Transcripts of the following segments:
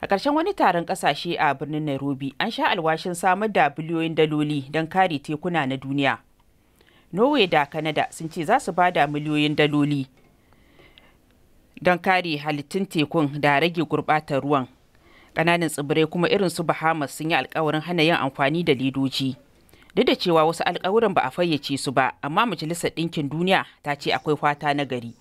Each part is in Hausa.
a ƙarshen wani taron ƙasashe a birnin nairobi an sha alwashin samar da biliyoyin daloli don kare tekuna na duniya norway da canada sun ce za su ba da miliyoyin daloli don kare halittun tekun da rage gurbatar ruwan ƙananan tsibirai kuma irin su bahamas sun yi alkawarin hana yin amfani da ledoji duk da cewa wasu alkawuran ba a fayyace su ba amma majalisar ɗinkin duniya ta ce akwai fata na gari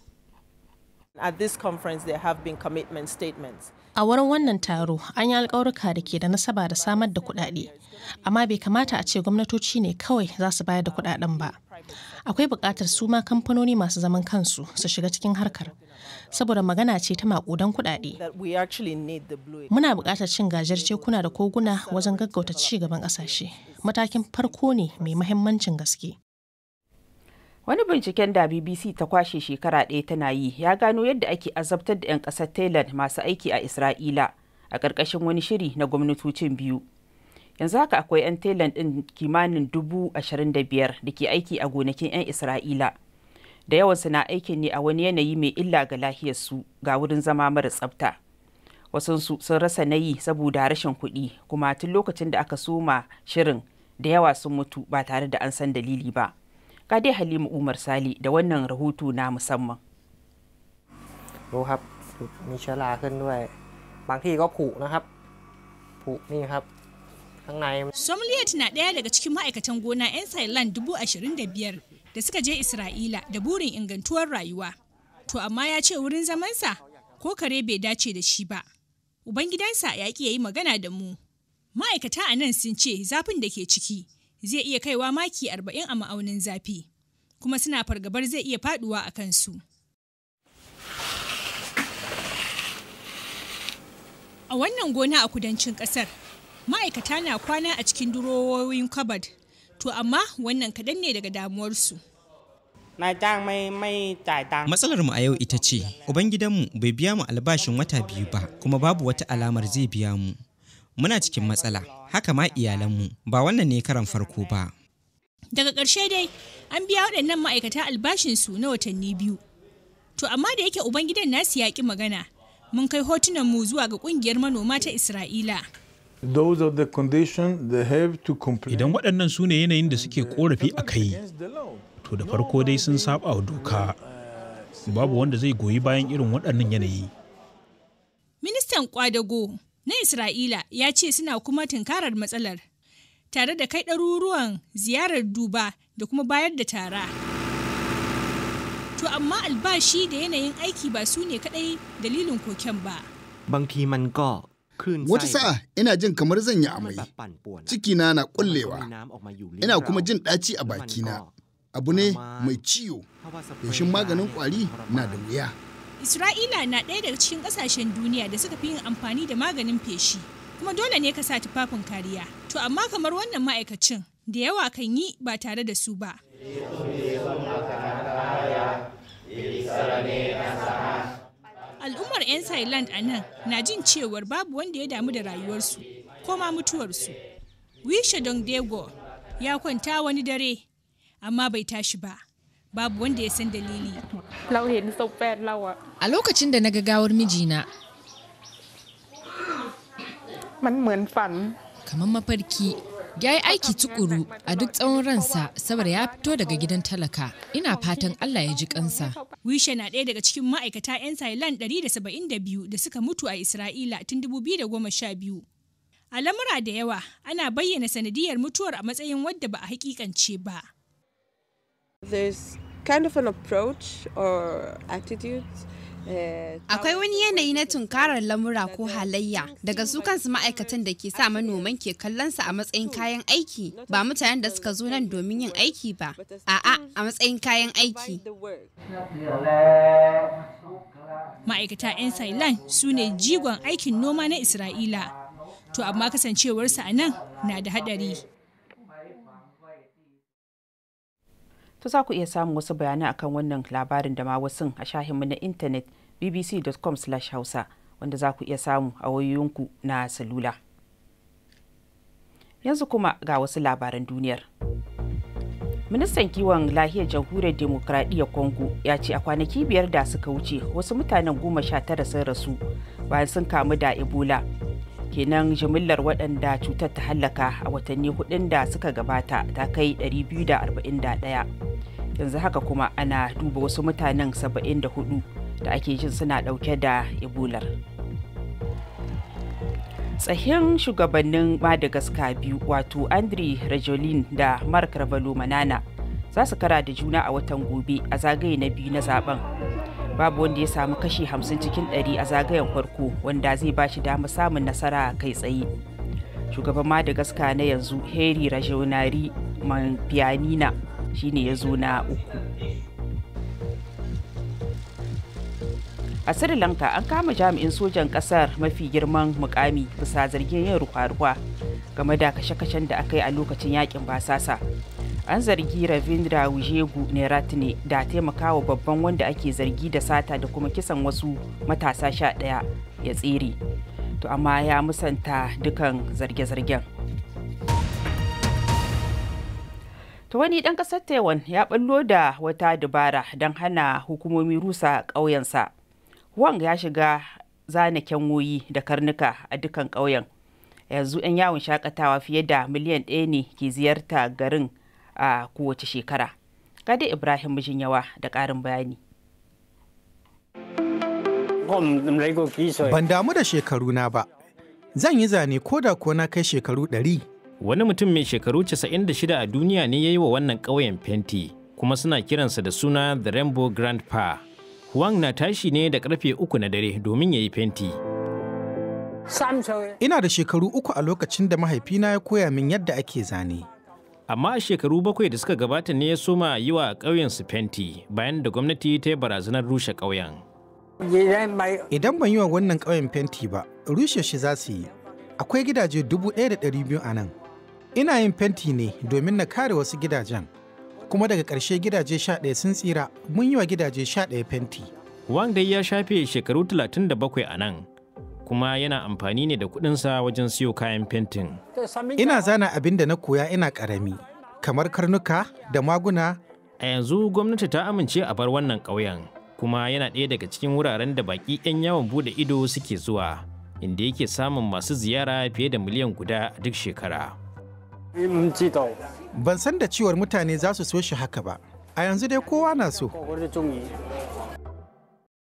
At this conference, there have been commitment statements. A wurin wannan taro, an yi alƙawarka da ke da nasaba da samar da kuɗaɗe, amma bai kamata a ce gwamnatoci ne kawai za su bayar da kuɗaɗen ba. Akwai buƙatar su ma kamfanoni masu zaman kansu su shiga cikin harkar, saboda magana ce ta maƙudan kuɗaɗe. Muna buƙatar cin gajiyar cekuna da koguna wajen gaggauta ci gaban ƙasashe. Matakin farko ne mai mahimmancin gaske. Wani binciken da BBC ta kwashe shekara ɗaya tana yi ya gano yadda ake azabtar da 'yan ƙasar Thailand masu aiki a Isra'ila a ƙarƙashin wani shiri na gwamnatocin biyu. Yanzu haka akwai 'yan Thailand ɗin kimanin dubu ashirin da biyar da ke aiki a gonakin 'yan Isra'ila. Da yawansu na aikin ne a wani yanayi mai illa ga su ga wurin zama mara tsafta. Wasansu sun rasa nayi saboda rashin kuɗi kuma tun lokacin da aka soma shirin da yawa sun mutu ba tare da an san dalili ba. ga dai Halima Umar Sali da wannan rahoto na musamman. musamman. ดูครับมีเชื้อราขึ้นด้วยบางที่ก็ผุนะครับผุนี่ครับ na ɗaya daga cikin ma'aikatan gona 'yan Thailand dubu ashirin da biyar da suka je Isra'ila da burin ingantuwar rayuwa. To amma ya ce wurin zamansa ko kare bai dace da shi ba. Ubangidansa ya ƙi ya yi magana da mu. Ma'aikata a nan sun ce zafin da ke ciki zai iya kaiwa maki arba'in a ma'aunin zafi kuma suna fargabar zai iya faduwa a kansu. A wannan gona a kudancin ƙasar, ma'aikata na kwana a cikin durowoyin kabad, to amma wannan kaɗan ne daga damuwarsu. Matsalar mu a yau ita ce, Ubangidanmu bai biya mu albashin wata biyu ba, kuma babu wata alamar zai biya mu. muna cikin matsala haka ma iyalanmu ba wannan ne karan farko ba daga ƙarshe dai an biya waɗannan ma'aikata albashinsu na watanni biyu to amma da yake ubangidan nasu ya magana mun kai hotunan mu zuwa ga ƙungiyar manoma ta isra'ila idan waɗannan su ne yanayin da suke ƙorafi a kai to da farko dai sun saba wa doka babu wanda zai goyi bayan irin waɗannan yanayi ministan kwadago na Isra'ila ya ce suna kuma tunkarar matsalar tare da kai ɗaruruwan ziyarar duba da kuma bayar da tara. To amma albashi da yanayin aiki ba su ne kaɗai dalilin koken ba. Banki Mango Wata sa'a ina jin kamar zan yi amai, cikina na ƙullewa ina kuma jin ɗaci a bakina, abu ne mai ciwo, yaushin maganin ƙwari na da wuya. Isra'ila na ɗaya daga cikin ƙasashen duniya da suka fi yin amfani da maganin feshi, kuma dole ne ka sa tufafin kariya. To amma kamar wannan ma'aikacin da yawa kan yi ba tare da su ba. Al'ummar 'yan Thailand a nan na jin cewar babu wanda ya damu da rayuwarsu ko ma mutuwarsu. Wisha Dongdego ya kwanta wani dare, amma bai tashi ba. babu wanda ya san dalili. A lokacin da na ga gawar mijina. Kamar mafarki. Ya yi aiki tukuru a duk tsawon ransa saboda ya fito daga gidan talaka. Ina fatan Allah ya ji kansa. wishe na ɗaya daga cikin ma'aikata 'yan Thailand 172 da suka mutu a Isra'ila tun 2012. A lamura da yawa ana bayyana sanadiyar mutuwar a matsayin wadda ba a hakikance ba. There's kind of an approach or attitude uh, Akwai wani yanayi na tunkarar lamura ko halayya daga su kansu ma'aikatan da ke sa manoman ke kallon kallonsa a matsayin kayan aiki ba mutanen da suka zo nan domin yin aiki ba, a'a a matsayin kayan aiki. Ma'aikata 'yan Sailan su ne jigon aikin noma na Isra'ila, to amma kasancewarsa a nan na da haɗari. to za ku iya samun wasu bayanai akan wannan labarin da ma wasu a shahinmu na intanet bbc.com/hausa wanda za ku iya samu a wayoyinku na salula. Yanzu kuma ga wasu labaran duniyar. Ministan kiwon lahiyar jamhuriyar demokradiyya Congo ya ce a kwanaki biyar da suka wuce wasu mutanen goma sha tara sun rasu bayan sun kamu da Ebola kenan jimillar waɗanda cutar ta hallaka a watanni hudun da suka gabata ta kai 241 yanzu haka kuma ana duba wasu mutanen 74 da ake jin suna ɗauke da ebolar tsahin shugabannin madagascar biyu wato andre rajolin da mark manana za su kara da juna a watan gobe a zagaye na biyu na zaben babu wanda ya samu kashi 50 cikin 100 a zagayen farko wanda zai ba shi damar samun nasara kai tsaye shugaban madagaska na yanzu heri rajonari pianina shine ya zo na uku a sri lanka an kama jami'in sojan kasar mafi girman mukami bisa zargin yin ruwa game da kashe-kashen da aka yi a lokacin yakin basasa an zargi ravindra wujegu ne da taimakawa babban wanda ake zargi da sata da kuma kisan wasu matasa sha ɗaya ya tsere to amma ya musanta dukan zarge-zargen to wani ɗan ƙasar taiwan ya ɓallo da wata dubara don hana hukumomi rusa ƙauyensa wang ya shiga zana kyanwoyi da karnuka a dukan ƙauyen yanzu 'yan yawon shakatawa fiye da miliyan ɗaya ne ke ziyarta garin a kowace shekara gade ibrahim mijin da ƙarin bayani ban damu da shekaru na ba zan yi zane ko da ko na kai shekaru ɗari. wani mutum mai shekaru 96 a duniya ne ya yi wa wannan ƙauyen fenti kuma suna kiransa da suna the rainbow grand pa huang na tashi ne da ƙarfe uku na dare domin ya yi fenti ina da shekaru uku a lokacin da mahaifina ya koya min yadda ake zane amma a shekaru bakwai da suka gabata ne ya soma yi wa ƙauyen su fenti bayan da gwamnati ta yi barazanar rushe ƙauyen. Idan ban yi wa wannan ƙauyen fenti ba, rushe shi za su yi. Akwai gidaje dubu ɗaya da ɗari biyu a nan. Ina yin fenti ne domin na kare wasu gidajen. Kuma daga ƙarshe gidaje sha ɗaya sun tsira mun yi wa gidaje sha ɗaya fenti. Wanda ya shafe shekaru talatin da bakwai a nan. kuma yana amfani ne da kuɗinsa wajen siyo kayan fentin. Ina zana abin da na koya ina karami kamar karnuka da maguna. A yanzu gwamnati ta amince a bar wannan ƙauyen, kuma yana ɗaya daga cikin wuraren da baƙi 'yan yawon buɗe ido suke zuwa, inda yake samun masu ziyara fiye da miliyan guda a duk shekara. Ban san da cewar mutane za su so shi haka ba, a yanzu dai kowa na so.